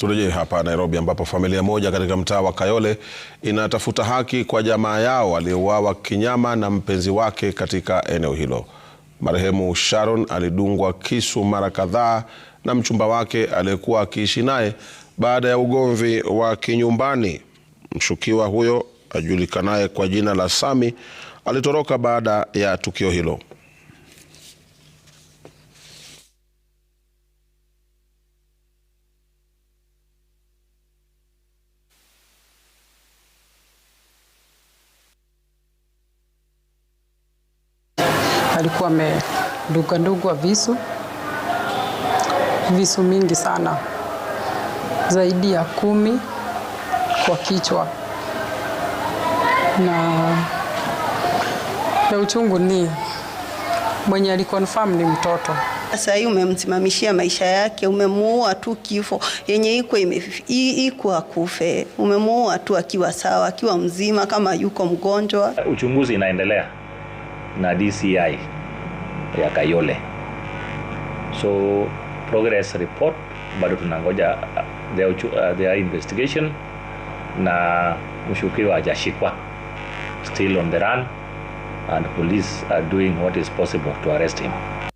Turejee hapa Nairobi ambapo familia moja katika mtaa wa Kayole inatafuta haki kwa jamaa yao aliyeuawa kinyama na mpenzi wake katika eneo hilo. Marehemu Sharon alidungwa kisu mara kadhaa na mchumba wake aliyekuwa akiishi naye baada ya ugomvi wa kinyumbani. Mshukiwa huyo ajulikanaye kwa jina la Sami alitoroka baada ya tukio hilo. alikuwa amedugandugwa visu, visu mingi sana, zaidi ya kumi kwa kichwa, na ya uchungu ni mwenye alikonfirm ni mtoto. Sasa hii umemsimamishia maisha yake, umemuua tu kifo yenye iko iko akufe, umemuua tu akiwa sawa, akiwa mzima, kama yuko mgonjwa. Uchunguzi inaendelea na DCI ya Kayole. So progress report bado tunangoja uh, their, uh, their investigation na mshukiwa hajashikwa, still on the run and police are doing what is possible to arrest him.